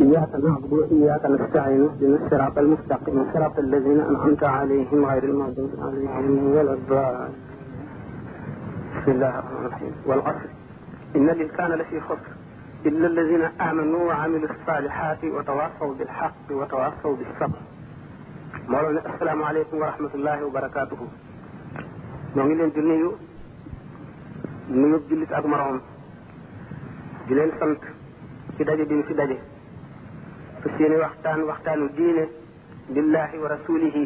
إياك نعبد وإياك نستعين اهدنا الصراط المستقيم صراط الذين أنعمت عليهم غير المغضوب عليهم ولا الضالين بسم الله الرحمن الرحيم والعصر إن الإنسان لفي خسر إلا الذين آمنوا وعملوا الصالحات وتواصوا بالحق وتواصوا بالصبر مولانا السلام عليكم ورحمة الله وبركاته نعم لين دي نيو نيو di leen sant ci daje bi ñu fi daje su seeni waxtaan waxtaanu diine billahi wa rasulihi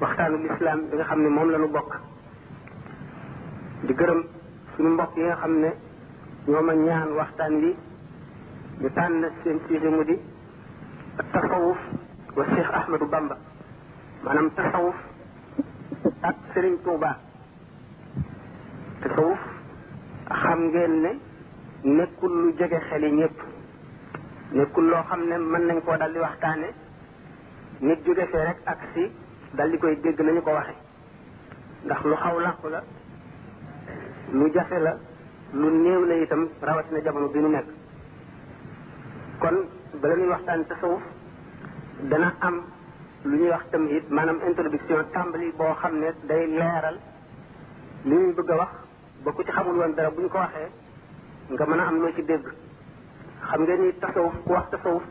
waxtaanu lislaam bi nga xam ne moom la ñu bokk di gërëm suñu mbokk yi nga xam ne ñoo ma ñaan waxtaan wi ñu tànn seen sujet mu di tasawuf wa Cheikh Ahmadou Bamba maanaam tasawuf ak sëriñ Touba tasawuf xam ngeen ne nekkul lu jege xel yi ñëpp nekkul loo xam ne mën nañ koo dal di waxtaane nit jóge fee rek ak si dal di koy dégg nañu ko waxe ndax lu xaw làqu la mu jafe la lu néew la itam rawatina jamono bi nu nekk kon bala ñuy waxtaan tasawuf dana am lu ñuy wax tam it maanaam introduction tàmbali boo xam ne day leeral li ñuy bëgg a wax ba ku ci xamul woon dara bu ñu ko waxee nga mën a am loo ci dégg xam nga ni tasawuf ku wax tasawuf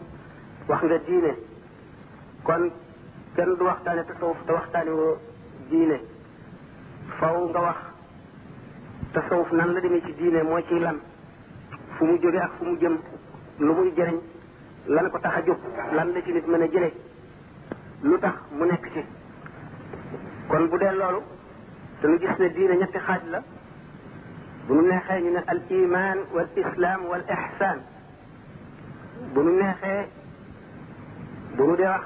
wax nga diine kon kenn du waxtaane tasawuf te waxtaane diine faw nga wax tasawuf nan la demee ci diine mooy ci lan fu mu jógee ak fu mu jëm lu muy jëriñ lan ko tax a jóg lan la ci nit mën a jële lu tax mu nekk ci kon bu dee loolu dañu gis ne diine ñetti xaaj la bu nu neexee ñu ne al iman wal islam wal ihsan bu nu neexee bu nu dee wax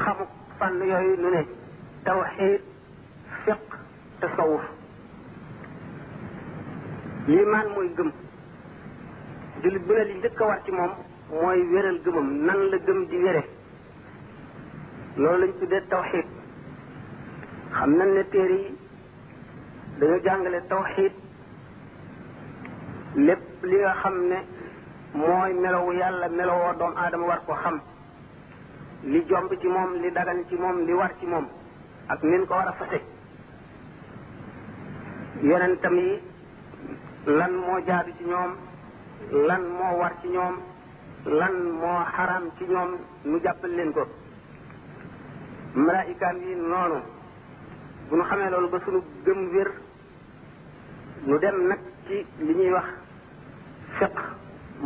xamuk fànn yooyu nu ne tawxid fiq tasawuf liman mooy gëm julit bu ne li njëkk a war ci moom mooy wéral gëmam nan la gëm di wére loolu lañ tuddee tawxid xam nañ ne téere yi dañu jàngale tawxid lépp li nga xam ne mooy melowu yàlla melowoo doomu aadama war ko xam li jomb ci moom li dagan ci moom li war ci moom ak nin ko war a fase yonentam yi lan moo jaadu ci ñoom lan moo war ci ñoom lan moo xaraam ci ñoom nu jàppal leen ko malaayikaam yi noonu bu nu xamee loolu ba sunu gëm wér nu dem nag ci li ñuy wax fiq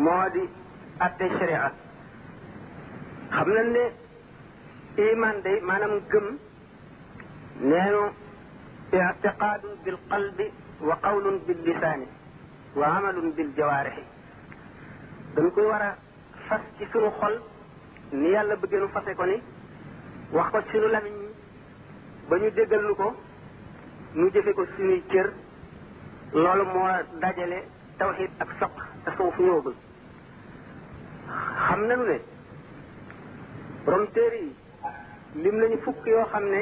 moo di atte sharia xam nañ ne iman day maanaam gëm neenu ictiqaadun bil qalbi wa qawlun bil lisaani wa amalun bil jawaarixi dañ koy war a fas ci sunu xol ni yàlla bëggee nu fase ko ni wax ko ci sunu lamiñ ba ñu déggal nu ko nu jëfe ko sunuy cër loolu moo dajale tawxid ak soq te suuf ñëwagul xam nañu ne borom yi lim nañu fukk yoo xam ne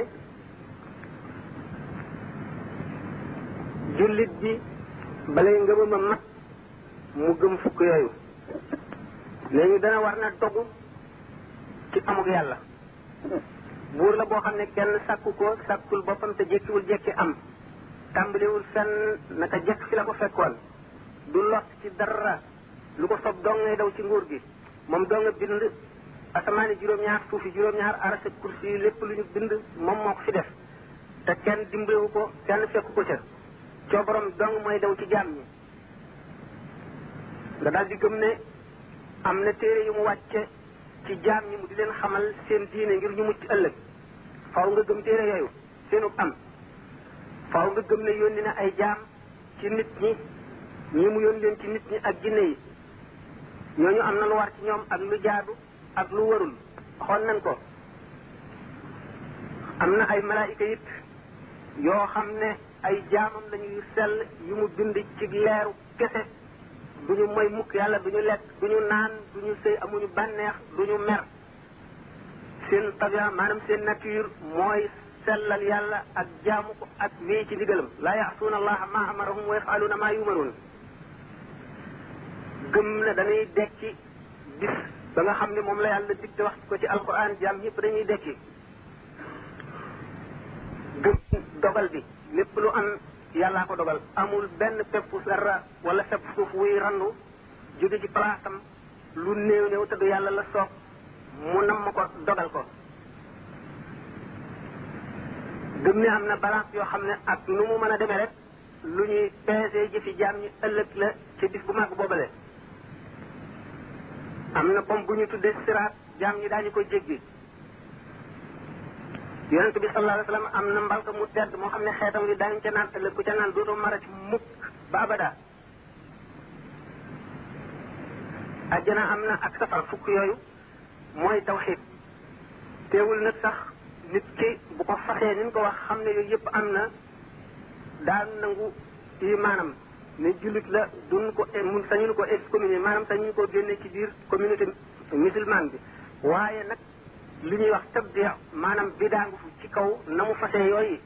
jullit bi balay ngëmam a mu gëm fukk yooyu léegi dana war na dogu ci amuk yàlla buur la boo xam ne kenn sàkku ko sàkkul boppam te jekkiwul jekki am tàmbalewul fenn naka jekk fi la ko fekkoon du lot ci dara lu ko sob dong ngay daw ci nguur gi moom doo nga bind asamaani juróom-ñaar suufi juróom-ñaar arasa kursi lépp lu ñu bind moom moo ko fi def te kenn dimbalewu ko kenn fekku ko ca coobaram dong mooy daw ci jaam ñi nga daal di gëm ne am na téere yu mu wàcce ci jaam ñi mu di leen xamal seen diine ngir ñu mucc ëllëg faaw nga gëm téere yooyu seenu am faaw nga gëm ne yónni na ay jaam ci nit ñi ñii mu yónni leen ci nit ñi ak jinne yi ñooñu am na lu war ci ñoom ak lu jaadu ak lu warul xool nañ ko am na ay malaayika it yoo xam ne ay jaamam lañuy sell yu mu bind ci leeru kese du ñu moy mukk yàlla du ñu lekk du ñu naan du ñu sëy amuñu bànneex du ñu mer seen tabia maanaam seen nature mooy sellal yàlla ak jaamu ko ak wéy ci digalam laa yaxsuuna allaha ma amarahum wa yafaluuna maa yumaruun gëm ne dañuy dekki bis ba xam ne moom la yàlla dig wax ko ci alquran jaam ñëpp dañuy dekki gëm dogal bi lépp lu am yàllaa ko dogal amul benn peppu serra wala pepp suuf wuy randu jóge ci palaasam lu néew néew te du yàlla la soog mu nam ma ko dogal ko gëm ne am na balance yoo xam ne ak nu mu mën a demee rek lu ñuy peesee jëfi jaam ñi ëllëg la ci bis bu màgg boobale am na bom bu ñu tudde siraat jaam ñi daañu ko jéggi yonent bi sallallahu alayhi wasallam am na mbalka mu tedd moo xam ne xeetam li daañu ca naan ëllëg ku ca naan dootoo mara ci mukk ba abada àjjana am na ak safar fukk yooyu mooy tawxid teewul nag sax nit ki bu ko faxee ni ñu ko wax xam ne yooyu yëpp am na daan nangu yi maanaam ne jullit la duñ ko eh, mun sañuñu ko excommunier maanaam sañuñu ko génne ci biir communauté musulmane bi waaye nag li ñuy wax tab di maanaam bidaangu fu ci kaw na mu fasee yooyu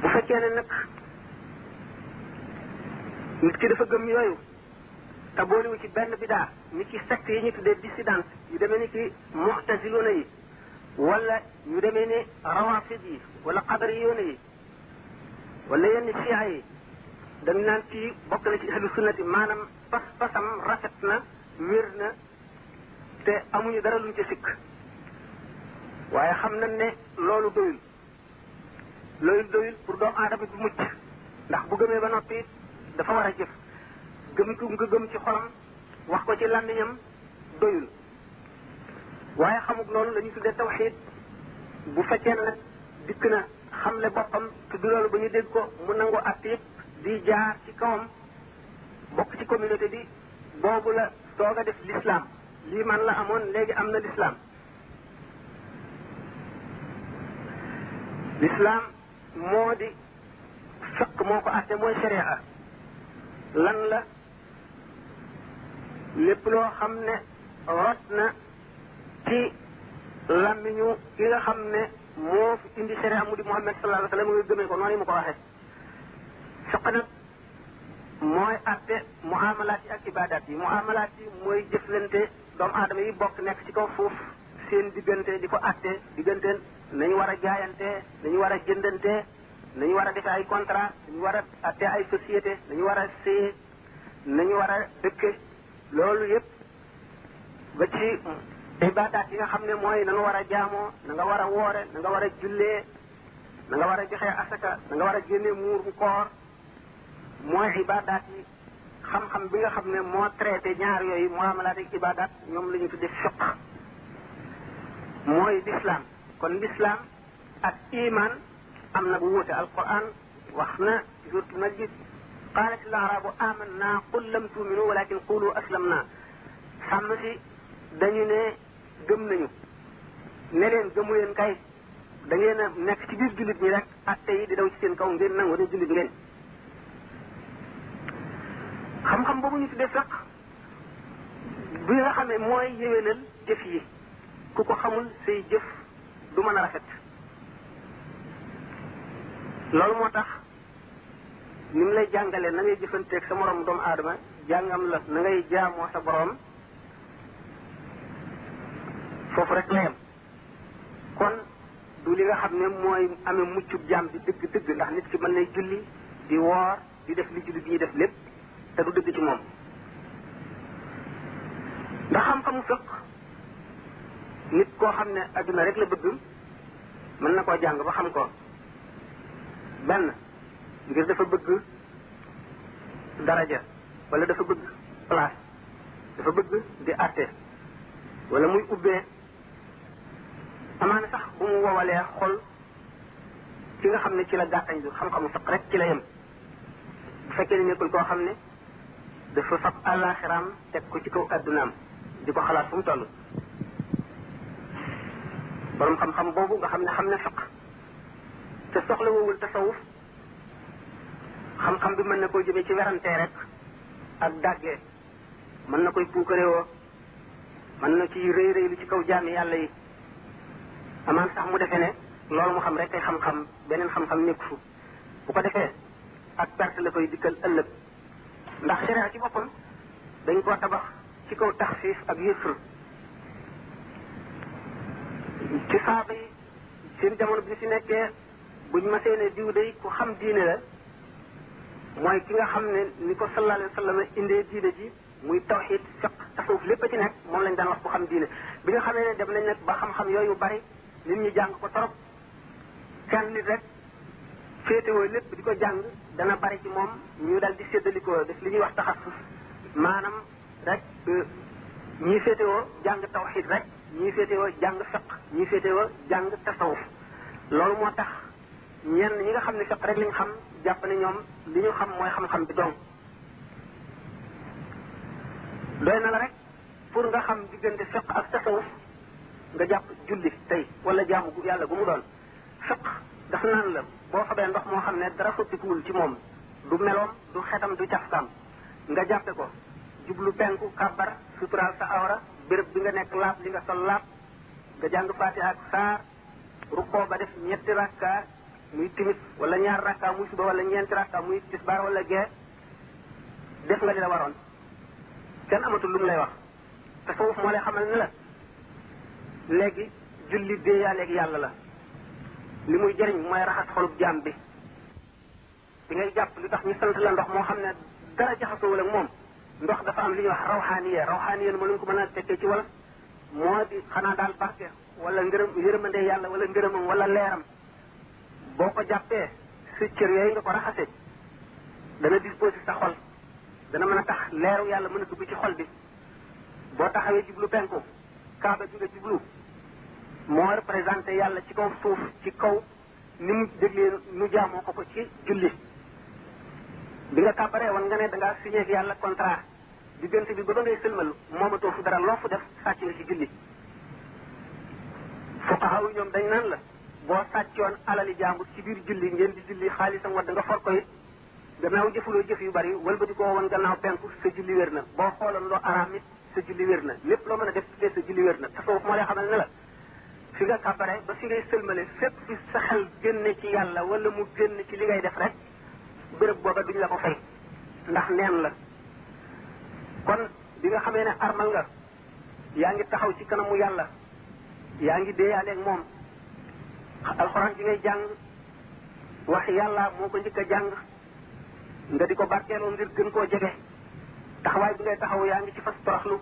bu fekkee ne nag nit ki dafa gëm yooyu te booliwu ci benn bidaa ni ki secte yi ñu tuddee dissident yu demee ni ki muxtasiluna yi wala yu demee ni rawafid yi wala qadariyuna yi wala yenn chia yi dañ naan kii bokk na ci ahlu sunnati maanaam pas pasam rafet na wér na te amuñu dara luñ ci sikk waaye xam nañ ne loolu doyul loolu doyul pour doomu aadama bi mucc ndax bu gëmee ba noppi dafa war a jëf gëm nga gëm ci xolam wax ko ci làmmiñam doyul waaye xamuk loolu lañu ñu tuddee tawxiid bu fekkee nag dikk na xamle ne boppam tudd loolu ba ñu dégg ko mu nangu at yëpp di jaar ci kawam bokk ci communauté bi boobu la soog a def lislaam lii man la amoon léegi am na lislaam lislaam moo di fekk moo ko atte mooy sharia lan la lépp loo xam ne rot na ci làmmiñu ki nga xam ne moo fi indi sariya mu di Muhammad sallallahu alayhi wa sallam nga gëmee ko noonu mu ko waxee fiq nag mooy atte muamalaat yi ak ibadaat yi muamalaat yi mooy jëflante doomu aadama yi bokk nekk ci kaw suuf seen diggante di ko atte diggante nañu war a jaayante nañu war a jëndante nañu war a defee ay contrat nañu war a atte ay société nañu war a séye nañu war a dëkke loolu yëpp ba ci ibaadaat yi nga xam ne mooy na nga war a jaamoo na nga war a woore na nga war a jullee na nga war a joxe asaka na nga war a génne muurum koor mooy ibaadaat yi xam-xam bi nga xam ne moo traité ñaar yooyu muamalaat ak ibaadaat ñoom la ñu tudde fiq mooy lislaam kon lislaam ak iman am na bu wuute alquran wax na surtout majid qaalat al arabu amanna qul lam tuminu walakin qulu aslamna sàmm si dañu ne gëm nañu ne leen gëmu leen kay da ngeen a nekk ci biir jullit ñi rek atte yi di daw ci seen kaw ngeen nangu ne jullit ngeen xam-xam boobu ñu tuddee de bi nga xam ne mooy yéwénal jëf yi ku ko xamul say jëf du mën a rafet loolu moo tax nim lay jàngale na ngay jëfanteeg sa morom doom aadama jàngam la na ngay jaamoo sa borom foofu rek la kon du li nga xam ne mooy amee muccu jaam di dëgg dëgg ndax nit ki mën nay julli di woor di def li julli bi def lépp te du dëgg ci moom ndax xam-xamu fëq nit koo xam ne adduna rek la bëgg mën na koo jàng ba xam ko benn ngir dafa bëgg daraja wala dafa bëgg place dafa bëgg di àtte wala muy ubbee amaana sax bu mu wowalee xol ki nga xam ne ci la gàttañ lu xam-xamu faq rek ci la yem bu fekkee ne nekkul koo xam ne dafa fab àllaaxiraam teg ko ci kaw addunaam di ko xalaat fu mu boroom borom xam-xam boobu nga xam ne xam ne faq te soxlawul tasawuf xam-xam bi mën na koo jëmee ci werantee rek ak dàgge mën na koy puukare woo mën na ci rëy rëy lu ci kaw jaami yàlla yi amaan sax mu defee ne loolu mu xam rek ay xam-xam beneen xam-xam nekk fu bu ko defee ak perte la koy dikkal ëllëg ndax sharia ci boppam dañ koo tabax ci kaw taxfiif ak yusr ci saaba yi seen jamono bi ñu si nekkee buñ masee ne diw day ku xam diine la mooy ki nga xam ne ni ko sallallahu alayhi wa sallam indee diine ji muy tawxid fiq tasawuf lépp a ci nekk moom lañ daan wax bu xam diine bi nga xamee ne dem nañ nag ba xam-xam yooyu bari nit ñi jàng ko torop kenn nit rek féetewoo lépp di ko jàng dana bari ci moom ñu daal di séddalikoo def li ñuy wax taxasus maanaam rek euh, ñii féetewoo jàng tawxid rek ñii féetewoo jàng fiq ñii féetewoo jàng tasawuf loolu moo tax ñen ñi nga xamni ne rek liñ xam japp ni ñom li ñu xam moy xam-xam bi dong doy na la rek pour nga xam digënde fiq ak tasawuf nga japp julli tay wala gu yalla gu mu doon fiq dafa naan la bo xabe ndox mo xamne dara fa tikul ci mom du melom du xetam du nga jappé ko jublu penku kabar suturaal sa awra béréb bi nga nek laab li nga sol laab nga jang fatiha ak ba def ñetti muy timis wala ñaar rakka muy suba wala ñeenti rakka muy tisbaar wala gee def nga di la waroon kenn amatul lu mu lay wax te foofu moo lay xamal ne la léegi julli déeyaaleeg yàlla la li muy jëriñ mooy raxas xolub jaam bi di ngay jàpp lu tax ñu sant la ndox moo xam ne dara ko wala moom ndox dafa am li ñu wax rawxaaniye rawxaaniye ma lu ko mën a tekkee ci wala moo di xanaa daal barke wala ngërëm yërmande yàlla wala ngërëmam wala leeram boo ko jàppee sa cër yooyu nga ko raxase dana disposé sa xol dana mën a tax leeru yàlla mën a dugg ci xol bi boo taxawee jublu penku kaaba bi nga jublu moo représenté yàlla ci kaw suuf ci kaw ni mu déglee nu jaamoo ko ko ci julli bi nga kàbbaree woon nga ne da ngaa signé ak yàlla contrat diggante bi ba ba ngay sëlmal moomatoo fu dara loo fu def sàcc nga ci julli fuqaha yi ñoom dañ naan la boo sàccoon alali jàmbur ci biir julli ngeen di julli xaalisam a nga for ko it gannaaw jëfuloo jëf yu bari wëlbati koo woon gannaaw penku sa julli wér na boo xooloon loo araam it sa julli wér na lépp loo mën a def tuddee sa julli wér na tasawuf moo lay xamal ne la fi nga kàbbare ba fi ngay sëlmale fépp fi sa xel génne ci yàlla wala mu génn ci li ngay def rek béréb booba duñ la ko fay ndax neen la kon bi nga xamee ne armal nga yaa ngi taxaw ci kanamu yàlla yaa ngi deeyaaleeg moom alxuraan ji ngay jàng wax yàlla moo ko njëkk a jàng nga di ko barkeeloo ngir gën koo jege taxawaay bi ngay taxaw yaa ngi ci fas toroxlu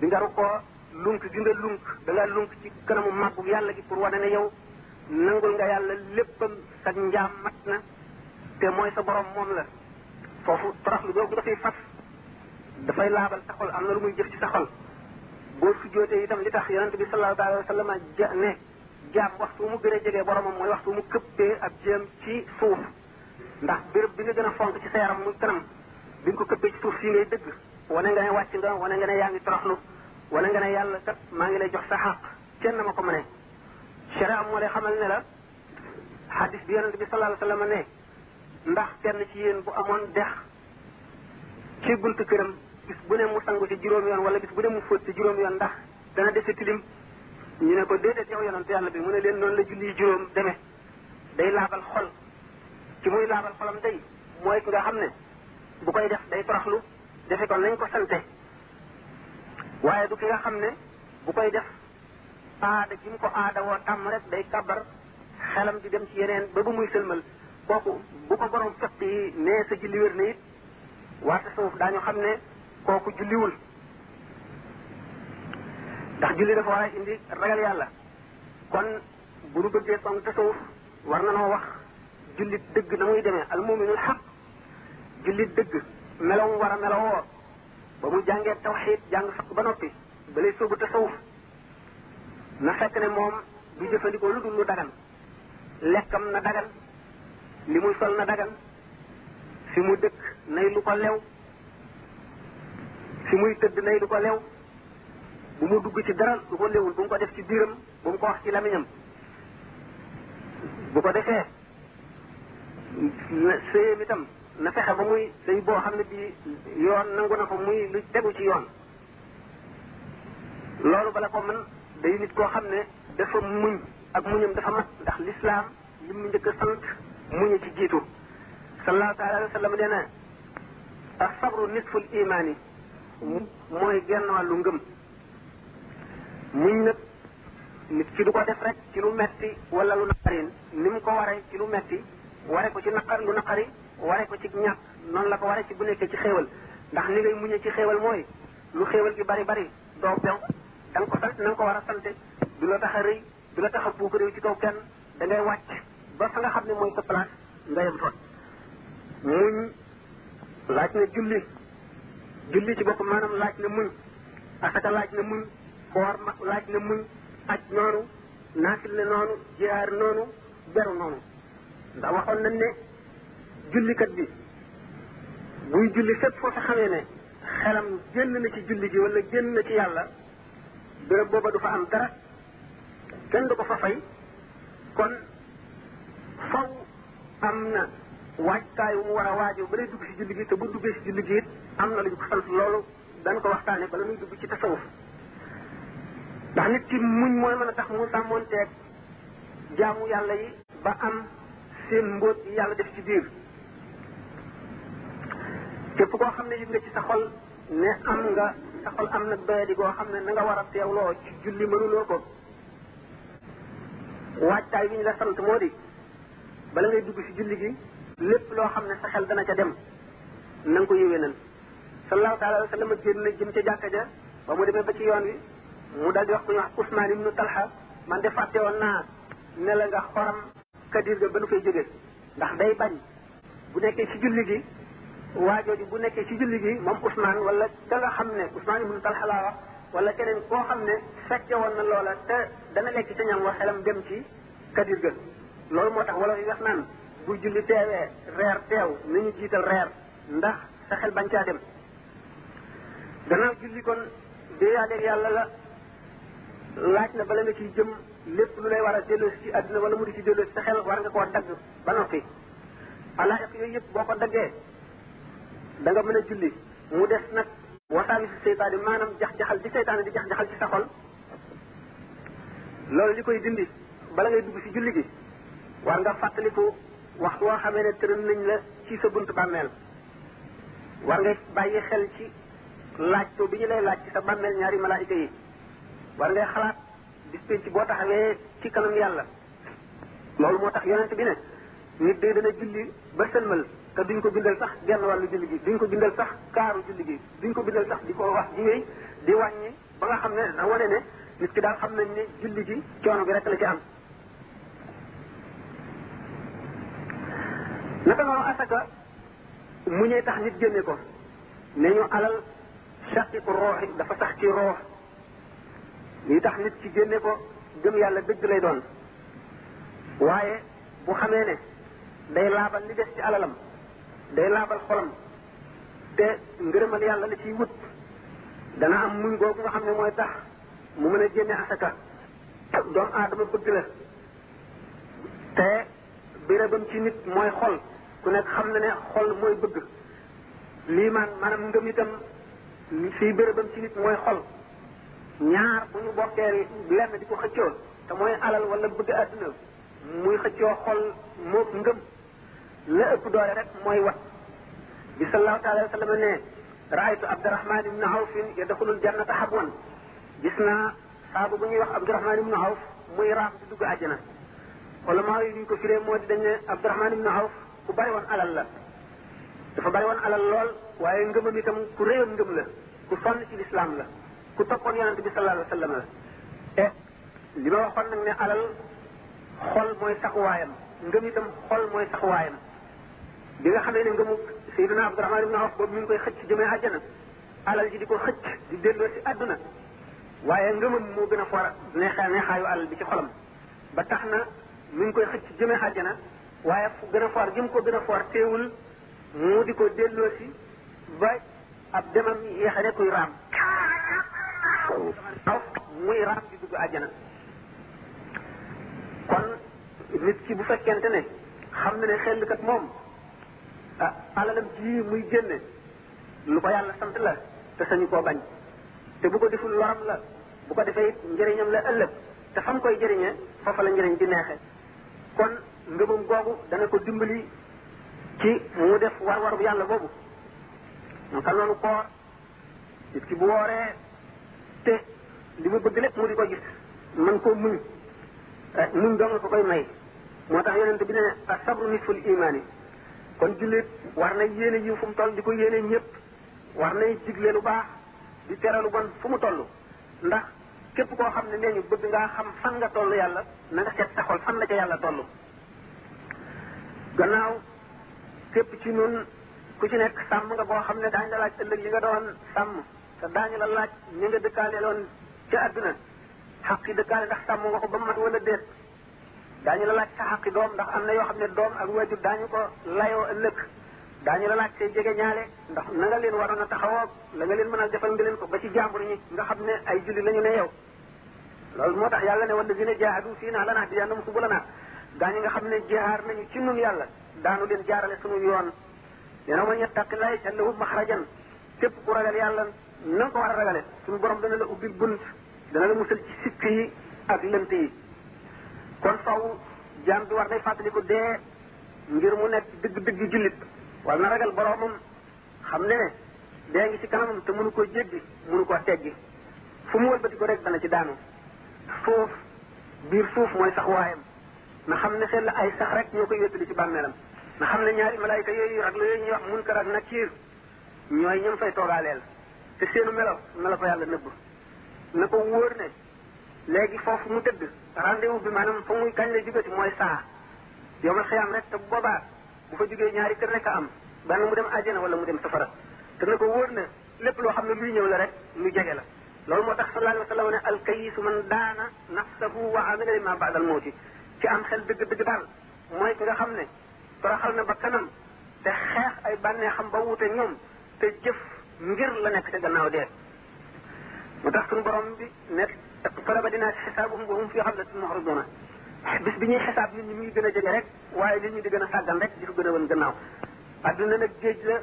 bi nga ko lunk gi nga lunk da nga lunk ci kanamu màggu yàlla gi pour wane ne yow nangul nga yàlla léppam sa njaam mat na te mooy sa borom moom la foofu toroxlu boobu nga fiy fas dafay laabal sa xol am na lu muy jëf ci sa xol boo sujjootee itam li tax yonent bi sallallahu alayhi wa sallam ne jaam waxtu mu gën a jegee boromam mooy waxtu mu këppee ab jëm ci suuf ndax béréb bi nga gën a fonk ci sa yaram muy kanam bi nga ko këppee ci suuf si ngay dëgg wane nga ne wàcc nga wane nga ne yaa ngi yàlla kat maa ngi lay jox sa xaq kenn ma ko mënee sharia moo lay xamal ne la xadis bi yonent bi sallallahu alayhi wa ne ndax kenn ci yéen bu amoon dex ci gunt këram bis bu ne mu sangu ci juróom yoon wala bis bu ne mu fóot ci juróom yoon ndax dana dese tilim ñu ne ko déedéet yow yonante yàlla bi mu ne leen noon la julli juróom demee day laabal xol ci muy laabal xolam day mooy ki nga xam ne bu koy def day toroxlu defe ko nañ ko sante waaye du ki nga xam ne bu koy def aada ji mu ko aada woo tàmm rek day kabar xelam di dem ci yeneen ba bu muy sëlmal kooku bu ko borom fekk yi nee sa julli wér na it waa tasawuf daañu xam ne kooku julliwul ndax julli dafa war a indi ragal yàlla kon bu ñu bëggee fonk tasawuf war na noo wax jullit dëgg na muy demee al muminul xaq jullit dëgg melawum war a melawoo ba mu jàngee tawxiid jàng faq ba noppi balay sóobu tasawuf na fekk ne moom du jëfandikoo lu dul lu dagan lekkam na dagan li muy sol na dagan fi mu dëkk nay lu ko lew fi muy tëdd nay lu ko lew bu mu dugg ci dara lu ko léwul bu mu ko def ci biiram bu mu ko wax ci lamiñam bu ko defee sëyam itam na fexe ba muy sëy boo xam ne bii yoon nangu na ko muy lu tegu ci yoon loolu bala ko mën day nit koo xam ne dafa muñ ak muñam dafa mat ndax lislaam li mu njëkk a sant muñu ci jiitu sallallahu taala alayhi wa sallam nee na as sabru nisful imaani mooy genn wàllu ngëm muñ nag nit ki du ko def rek ci lu metti wala lu naqarin ni mu ko waree ci lu metti ware ko ci naqar lu naqari ware ko ci ñàkk noonu la ko ware ci bu nekkee ci xéewal ndax li ngay muñee ci xéewal mooy lu xéewal gi bari bari doo bew da ko sant na nga ko war a sante du la tax rëy du la tax a buuk réew ci kaw kenn da wàcc ba fa nga xam ne mooy sa place nga yem fa muñ laaj na julli julli ci boppam maanaam laaj na muñ asaka laaj na muñ koor ma laaj na muñ aj noonu naafil la noonu jihaar noonu beru noonu ndax waxoon nañ ne jullikat bi buy julli fépp foo xamee ne xelam génn na ci julli gi wala génn na ci yàlla béréb booba du fa am dara kenn du ko fa fay kon faw am na waajtaay wu mu war a waajoo ba lay dugg si julli gi te bu duggee si julli gi it am na lu ñu ko sant loolu dañ ko waxtaane bala muy dugg ci tasawuf ndax nit ki muñ mooy mën a tax mu sàmmoonteeg jaamu yàlla yi ba am seen mbóot yi yàlla def ci biir képp koo xam ne yëg nga ci sa xol ne am nga sa xol am nag doyadi goo xam ne na nga war a teewloo ci julli mënuloo ko waajtaay bi ñu la sant moo di bala ngay dugg ci julli gi lépp loo xam ne sa xel dana ca dem na nga ko yéwénal sallallahu taala wa sallam génn jëm ca jàkka ja ba mu demee ba ci yoon wi mu dal di wax ku wax Ousmane ibn Talha man de fàtte won na ne la nga xoram kadir ga ba nu fay jóge ndax day bañ bu nekké ci julli gi waajooju bu nekké ci julli gi mom Ousmane wala da nga xamné ne Ousmane ibnu Talha la wax wala keneen ko xamné fekke na loola te dana nekk ci ñam wa dem ci kadir ga loolu motax wala wax naan bu julli teewee reer teew nañu jital reer ndax sa xel bañ ca dem gannaaw julli kon de yalla la laaj na bala nga ciy jëm lépp lu lay war a delloosi ci àdduna wala mu di ci delloosi sa xel war nga koo dagg ba noppi alaaq yooyu yëpp boo ko daggee da mën a julli mu des nag wasaawi si seytaane maanaam jax-jaxal di seytaane di jax-jaxal ci sa xol loolu li koy dindi bala ngay dugg si julli gi war nga fàttaliku waxtu woo xamee ne tëral nañ la ci sa bunt bàmmeel war nga bàyyi xel ci laaj to bi ñu lay laaj ci sa bàmmeel ñaari malaayika yi war ngay xalaat bis penc boo taxawee ci kanam yàlla loolu moo tax yonent bi ne nit day dana julli ba sëlmal te duñ ko bindal sax genn wàllu julli gi duñ ko bindal sax kaaru julli gi duñ ko bindal sax di ko wax ji wéy di wàññi ba nga xam ne da wane ne nit ki daal xam nañ ne julli gi coono bi rek la ci am naka noonu asaka mu ñee tax nit génne ko ne ñu alal shaqiqu rooxi dafa sax ci roox lii tax nit ci génne ko gëm yàlla dëgg lay doon waaye bu xamee ne day laabal li des ci alalam day laabal xolam te ngërëmal yàlla la ciy wut dana am muñ googu nga xam ne mooy tax mu mën a génne asaka doomu aadama bëgg la te bérébam ci nit mooy xol ku nekk xam na ne xol mooy bëgg lii man maanaam ngëm itam fii bérébam ci nit mooy xol ñaar bu ñu bokkee lenn di ko xëccoo te mooy alal wala bëgg àdduna muy xëccoo xol mook ngëm la ëpp doole rek mooy wat bi sallallahu taala wa sallam ne raaytu abdurahman ibn awf yadxulul jannata habwan gis naa saabu bu ñuy wax abdurahman ibn awf muy raam di dugg àjjana wala maa yi ñu ko firee moo di dañ ne abdurahman ibn awf ku bari woon alal la dafa bari woon alal lool waaye ngëmam itam ku réyam ngëm la ku sonn ci lislaam la ku toppoon yonente bi sallallahu alayhi wa sallam la te li ma waxoon nag ne alal xol mooy saxuwaayam ngëm itam xol mooy saxuwaayam bi nga xam ne ngëmu Seydina Abdourahman ibn Awf boobu mi ngi koy xëcc jëmee àjjana alal ji di ko xëcc di delloo waaye ngëmam moo gën a for neexaa neexaayu alal bi ci xolam ba tax na mi ngi koy xëcc jëme àjjana waaye gën a for gi mu ko gën a for teewul mu di ko delloo ci ba ab demam yeexe ne kuy raam aw aw muy raam di dugg àjjana kon nit ki bu fekkente ne xam na ne xellkat moom ah alalam ji muy génne lu ko yàlla sant la te sañu koo bañ te bu ko deful loram la bu ko defee njëriñam la ëllëg te fam koy jëriñee foofa la njëriñ di neexe kon ngëmam googu dana ko dimbali ci mu def war-war bu yàlla boobu. mu kan koor nit ki bu wooree. te li mu bëgg lepp mu di ko gis man ko muñ eh, muñ dong ko koy may motax yonent bi ne asabru nisful imaani kon julit war na yéene fu mu toll di ko yéene warna war nay lu baax di tere lu bon fu mu toll ndax képp ko xamne neñu bëgg nga xam fan nga toll yalla na nga xet taxol fan la ca yalla toll gannaaw képp ci nun ku ci nekk sàmm nga boo xam ne daañ la laaj ëllëg li nga doon sàmm te daañu la laaj ni nga dëkkaale loon ca àdduna xaq yi dëkkaale ndax sàmm nga ko ba mu mat wala déet daañu la laaj sa xaqi doom ndax am na yoo xam ne doom ak waajur daañu ko layoo ëllëg daañu la laaj say jege ñaale ndax na nga leen waroon na taxawoo la nga leen mën a defal nga leen ko ba ci jàmbur ñi nga xam ne ay la lañu ne yow loolu moo tax yàlla ne wallazina jaahadu fiinaa lanahdiyanahum subulanaa daañu nga xam ne jihaar nañu ci nun yàlla daanu leen jaarale sunu yoon nee na man yattaqillaaha yaj'al lahu maxrajan képp ku ragal yàlla na ko war a ragale suñu borom dana la ubbil la musal ci sikk yi ak lënt yi kon faw jaam bi war nay fàttaliku ngir mu nekk dëgg-dëgg jullit wala na ragal boromam xam ne ne dee ngi ci kanamam te mënu koo jéggi mënu koo fu mu wëlbati ko rek dana ci daanu suuf biir suuf mooy sax waayam na xam ne seen la ay sax rek ñoo koy wéttali ci bàmmeelam na xam ne ñaari malaayika yooyu ak la yooyu ñuy wax munkar ak nakiir ñooy ñoom fay te seenu melaw na la ko yàlla nëbb na ko wóor ne léegi foofu mu tëdd rendez-vous bi maanaam fa muy kañ la jugati mooy saa yow ma xiyam rek te boobaa bu fa jugee ñaari kër rek a am benn mu dem àjjana wala mu dem safara te na ko wóor na lépp loo xam ne luy ñëw la rek lu jege la loolu moo tax sallallahu alayhi wa sallam ne alkayisu man daana nafsahu wa amila lima baadal mawti ci am xel dëgg-dëgg daal mooy ki nga xam ne toroxal na ba kanam te xeex ay bànnee xam ba wute ñoom te jëf ngir la nekk ca gannaaw dee mu tax suñu borom bi nekk talaba dinaa ci xisaabuhum bohum fi xablatin muxraduna bis bi ñuy xisaab nit ñi muy gën a jege rek waaye nit ñi di gën a sàggan rek di ko gën a wën gannaaw àdduna nag géej la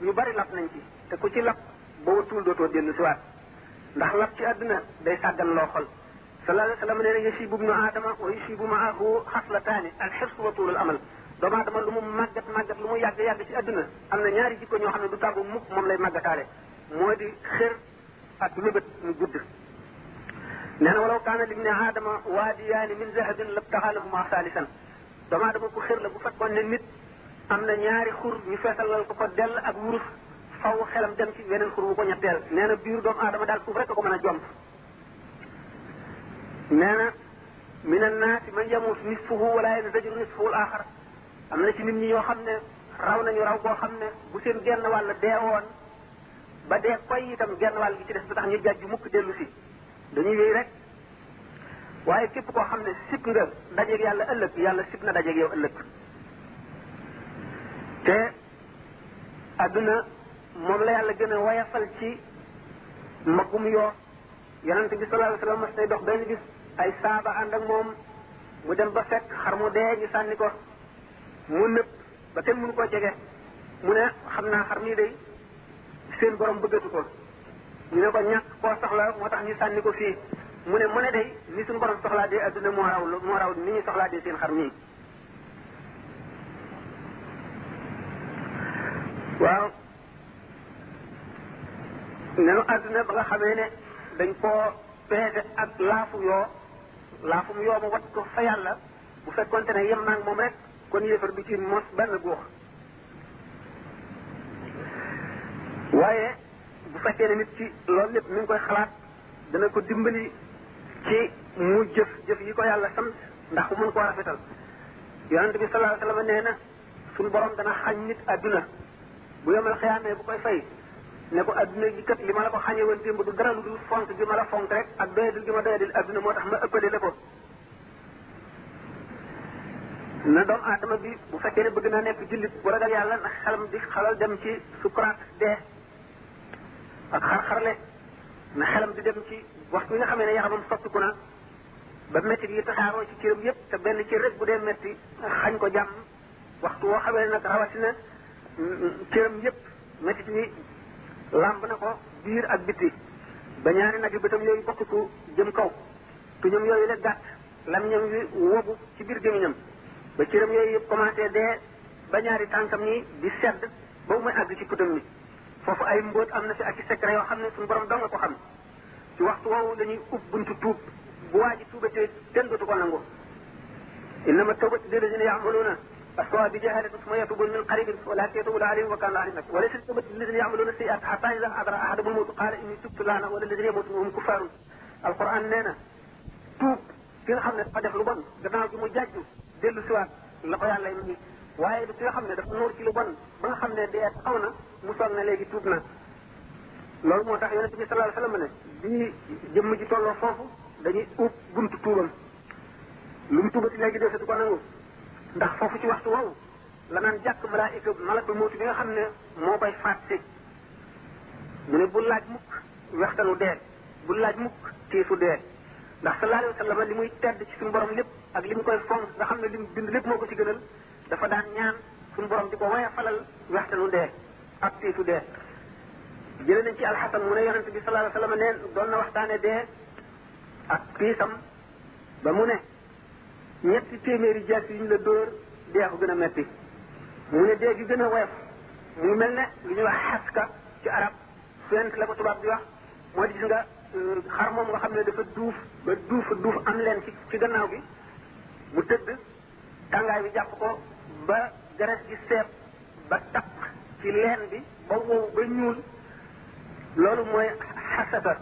ñu bari lap nañ ci te ku ci lap ba watul dootoo dellu siwaat ndax lap ci àdduna day sàggan loo xol sallallahu alayhi wa sallam nee na yusibu ibnu aadama wa yusibu maahu xaslataani al xifs wa tuulul amal doomu aadama lu mu màggat màggat lu mu yàgg yàgg ci àdduna am na ñaari jikko ñoo xam ne du tàggu mukk moom lay màggataale moo di xër ak mébét mu gudd nee na walaw kaana li ibni aadama waadiyaani min zahabin labtaxa lahuma saalisan doomu aadama ku xër la bu fekkoon ne nit am na ñaari xur ñu feesalal ko ko dell ak wurus faw xelam dem ci weneen xur bu ko ñetteel nee na biir doomu aadama daal suuf rek a ko mën a jomb nee na min annaasi man yamuus nisfuhu wala yazdajiru nisfuhu al axar am na ci nit ñi yoo xam ne raw nañu raw koo xam ne bu seen genn wàll dee woon ba dee koy itam genn wàll gi ci des ba tax ñu jàjju mukk dellu si dañuy wéy rek waaye képp koo xam ne sib nga dajeeg yàlla ëllëg yàlla sib na dajeeg yow ëllëg te adduna moom la yàlla gën a wayafal ci magum yoo yonente bi dox benn bis ay saaba ànd ak moom mu dem ba fekk xar mu dee ñu sànni ko mu nëb ba kenn mënu koo jege mu ne xam naa xar mii day seen borom bëggatu ko ñu ne ko ñàkk koo soxla moo tax ñu sànni ko fii mu ne mu ne day ni suñu borom soxlaa dee adduna moo raw moo raw ni ñu soxlaa dee seen xar mii waaw nenu adduna ba nga xamee ne dañ koo peese ak laafu yoo laafum yoo ma wat ko fa yàlla bu fekkonte ne yem naag moom rek kon yéefar bi ci mos benn góox waaye bu fekkee ne nit ci loolu lépp mi koy xalaat dana ko dimbali ci mu jëf jëf yi ko yàlla sant ndax mu mën koo rafetal yonent bi salaa alayhi nee na suñu borom dana xañ nit adduna bu yomal xiyaamee bu koy fay ne ko adduna gi li ma la ko xañee woon démb du dara lu dul fonk gi ma la fonk rek ak doyadil gi ma doyadil adduna moo tax ma ëppale la ko na doomu aadama bi bu fekkee ne bëgg naa nekk jullit bu ragal yàlla na xelam di xalal dem ci sukuraat dee ak xar-xarle na xelam di dem ci waxtu bi nga xamee ne yaramam sottiku na ba métti yi tasaaroo ci cëram yëpp te benn cër rek bu dee métti xañ ko jàmm waxtu woo xamee nag rawatina cëram yëpp métti na ko biir ak bitti ba ñaari nag yu bëtam yooyu bokk ko jëm kaw tuñam yooyu la gàtt lam ñam wi ci biir gémmiñam ba cëram yooyu yëpp commencé dee ba ñaari tànkam yi di sedd ba muy àgg ci kudam mi foofu ay mbóot am na fi ak i secret yoo xam ne suñu borom dong nga ko xam ci waxtu woowu la ñuy ub buntu tuub bu waa ji tuubatee kenn dootu ko nangu innama tawbatu lilladina yaamaluna aswa bi jahalatin suma yatubun min qaribin wala yatubuna alayhim wa kana alim wa laysa tawbatu lilladina yaamaluna sayiat hatta ida adra ahadahum lmawt qala inni tubtu lana wala alladina yamutuna hum kuffarun alquran nee na tuub ki nga xam ne dafa def lu bon gannaaw gi mu jàjju dellu siwaat la ko yàlla indi waaye bu ki nga xam ne dafa nuur ci lu bon ba nga xam ne dee xaw na mu sonn na léegi tuub na loolu moo tax yonente bi sallallahu alayhi wasallam ne bi jëmm ji tolloo dañuy ub buntu tuubam lu mu tuubati léegi dee du ndax foofu ci waxtu woowu la naan jàkk malaayika malakul mawti bi nga xam ne moo koy faat si mu ne bu laaj mukk wextanu dee bu laaj mukk tiisu dee ndax sallallahu alayhi wasallam li muy tedd ci suñu borom lépp ak lim koy fonk nga xam ne lim bind lépp moo ko ci gënal dafa daan ñaan suñu borom di ko woya falal waxtanu dee ak tiitu dee jële nañ ci alxasan mu ne yonente bi salaa sallam ne doon na waxtaane dee ak tiisam ba mu ne ñetti téeméeri jaas yi ñu la dóor dee ko gën a metti mu ne dee gi gën a woyof mu mel ne lu ñuy wax xaska ci arab fent la ko tubaab di wax moo di gis nga xar moom nga xam ne dafa duuf ba duuf duuf am leen ci ci gannaaw gi mu tëdd tàngaay bi jàpp ko ba deret gi seet ba taq ci leen bi ba wow ba ñuul loolu mooy xasata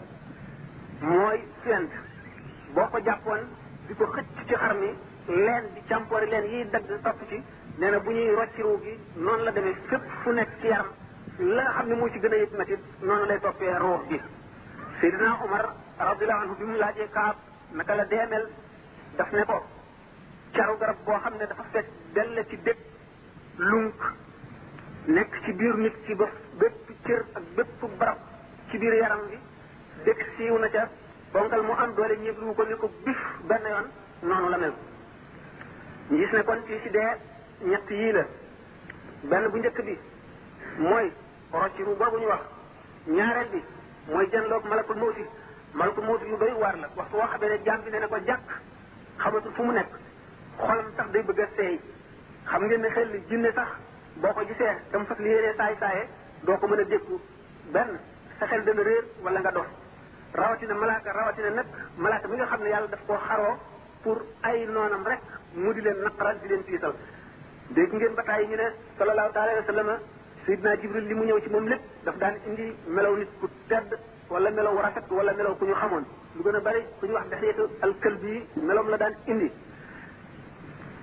mooy fent boo ko jàppoon di ko xëcc ci xar mi leen bi càmpoori leen yi dagg topp ci nee bu ñuy rocciru gi noonu la demee fépp fu nekk ci yaram la xam ne moo ci gën a yëg metit noonu lay toppee ruux bi Seydina Omar radiyallahu anhu bi mu laajee Kaab naka la deemel daf ne ko caru garab boo xam ne dafa fekk dell ci bépp lunk nekk ci biir nit ci ba bépp cër ak bépp barab ci biir yaram bi dëkk siiw na ca bonkal mu am doole ñëpp lu ko ne ko bif benn yoon noonu la mel ñu gis ne kon ci si dee ñett yii la benn bu njëkk bi mooy rocciru boobu ñu wax ñaareel bi mooy janloog malakul mawti malakul mawti yu doy waar la waxtu woo xamee ne jàmm bi ne na ko jàkk xamatul fu mu nekk xolam sax day bëgg a seey xam ngeen ne xel li jinne sax boo ko gisee dama fas li yéenee saay saaye doo ko mën a dékku benn sa xel dana réer wala nga dof rawatina malaaka rawatina nag malaaka mi nga xam ne yàlla daf koo xaroo pour ay noonam rek mu di leen naqaral di leen tiital dégg ngeen ba tàyyi ñu ne sallallahu taala wa sallama sayidna jibril li mu ñëw ci moom lépp daf daan indi melaw nit ku tedd wala melaw rafet wala melaw ku ñu xamoon lu gën a bari ku wax dexeetu alkalbi yi melawam la daan indi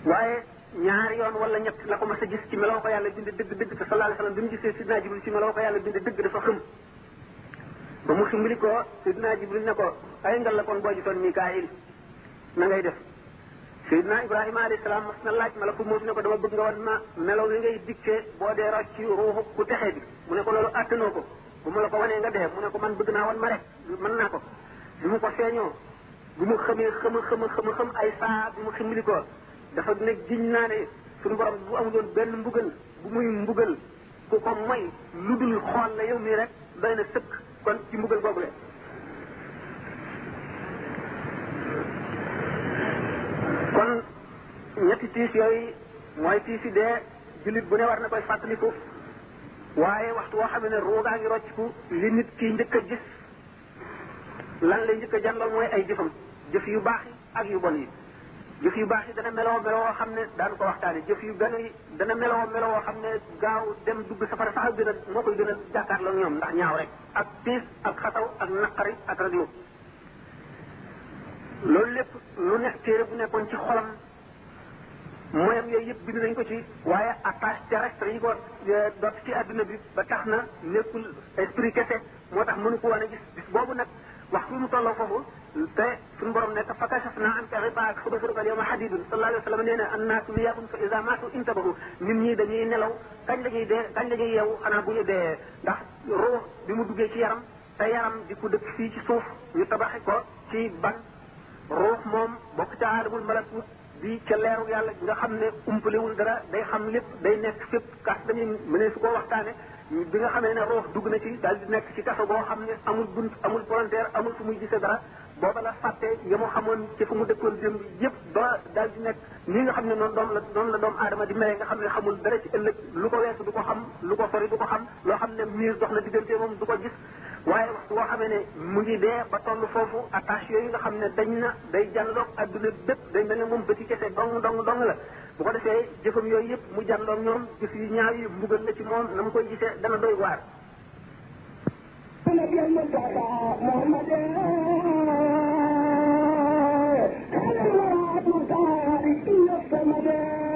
waaye ñaar yoon wala ñett la ko mas a gis ci meloo ko yàlla bind dëgg dëgg te sallallahu alayhi wasallam bi mu gisee sidna jibril ci meloo ko yàlla bind dëgg dafa xëm ba mu ximbali ko sidna jibril ne ko ay ngal la kon boo jotoon mikaayil na ngay def sayidna ibrahima alayhi salaam mas na laaj malaku moo ne ko dama bëgg nga wan ma melaw yi ngay dicté boo dee rocc ci ruuxu ku texee bi mu ne ko loolu àttanoo ko bu ma la ko wanee nga dee mu ne ko man bëgg naa wan ma rek mën naa ko bi mu ko feeñoo bi mu xamee xëma xëma xëma xëm ay saa bi mu ximbilikoo dafa ne giñ naa ne suñu borom bu amuloon benn mbugal bu muy mbugal ku ko moy lu dul xool la yow mii rek doy na sëkk kon ci mbugal boobu la kon ñetti tiis yooyu mooy tiis yi dee jullit bu ne war na koy fàttaliku waaye waxtu woo xam ne ruugaa ngi rocciku li nit ki njëkk a gis lan la njëkk a jàngal mooy ay jëfam jëf yu baax yi ak yu bon yi jëf yu baax yi dana meloo meloo xam ne daan ko waxtaane jëf yu gën yi dana meloo meloo xam ne gaaw dem dugg safara sax gën a moo koy gën a jàkkaarloo ñoom ndax ñaaw rek ak tiis ak xasaw ak naqari ak raglu loolu lépp lu nekk téere bu nekkoon ci xolam moyam yooyu yëpp bind nañ ko ci waaye attache terrestre yi ko dot ci àdduna bi ba tax na nekkul esprit kese moo tax mënu ko wane gis bis boobu nag wax fi mu tolloo foofu te suñu borom ne fa kashafna an ka ribaak fa basirka al yawma hadidun sallallahu alayhi wa sallam nee na an naasu niyaabun fa iza maatu intabahu nit ñi dañuy nelaw kañ la ñuy dee kañ la ñuy yeewu xanaa bu ñu dee ndax ruux bi mu duggee ci yaram te yaram di ko dëkk fii ci suuf ñu tabaxi ko ci ban ruux moom bokk ca aadamul malakut di ca leeru yàlla nga xam ne umpalewul dara day xam lépp day nekk fépp kas dañuy mënee su ko waxtaane bi nga xamee ne ruux dugg na ci daal di nekk ci kaso boo xam ne amul bunt amul volontaire amul fu muy gisee dara booba la fàtte ya mu xamoon ci fu mu dëkkoon jëm yëpp ba daal di nekk nii nga xam ne noonu doom la noonu la doom aadama di mel nga xam ne xamul dara ci ëllëg lu ko weesu du ko xam lu ko sori du ko xam loo xam ne miir dox na diggante moom du ko gis waaye boo xamee ne mu ngi dee ba toll foofu attache yooyu nga xam ne dañ na day jànloog adduna bépp day mel ne moom bëti kese dong dong dong la bu ko defee jëfam yooyu yëpp mu jànloog ñoom jëf yu ñaaw yi mbugal la ci moom na mu koy gisee dana doy waar محمد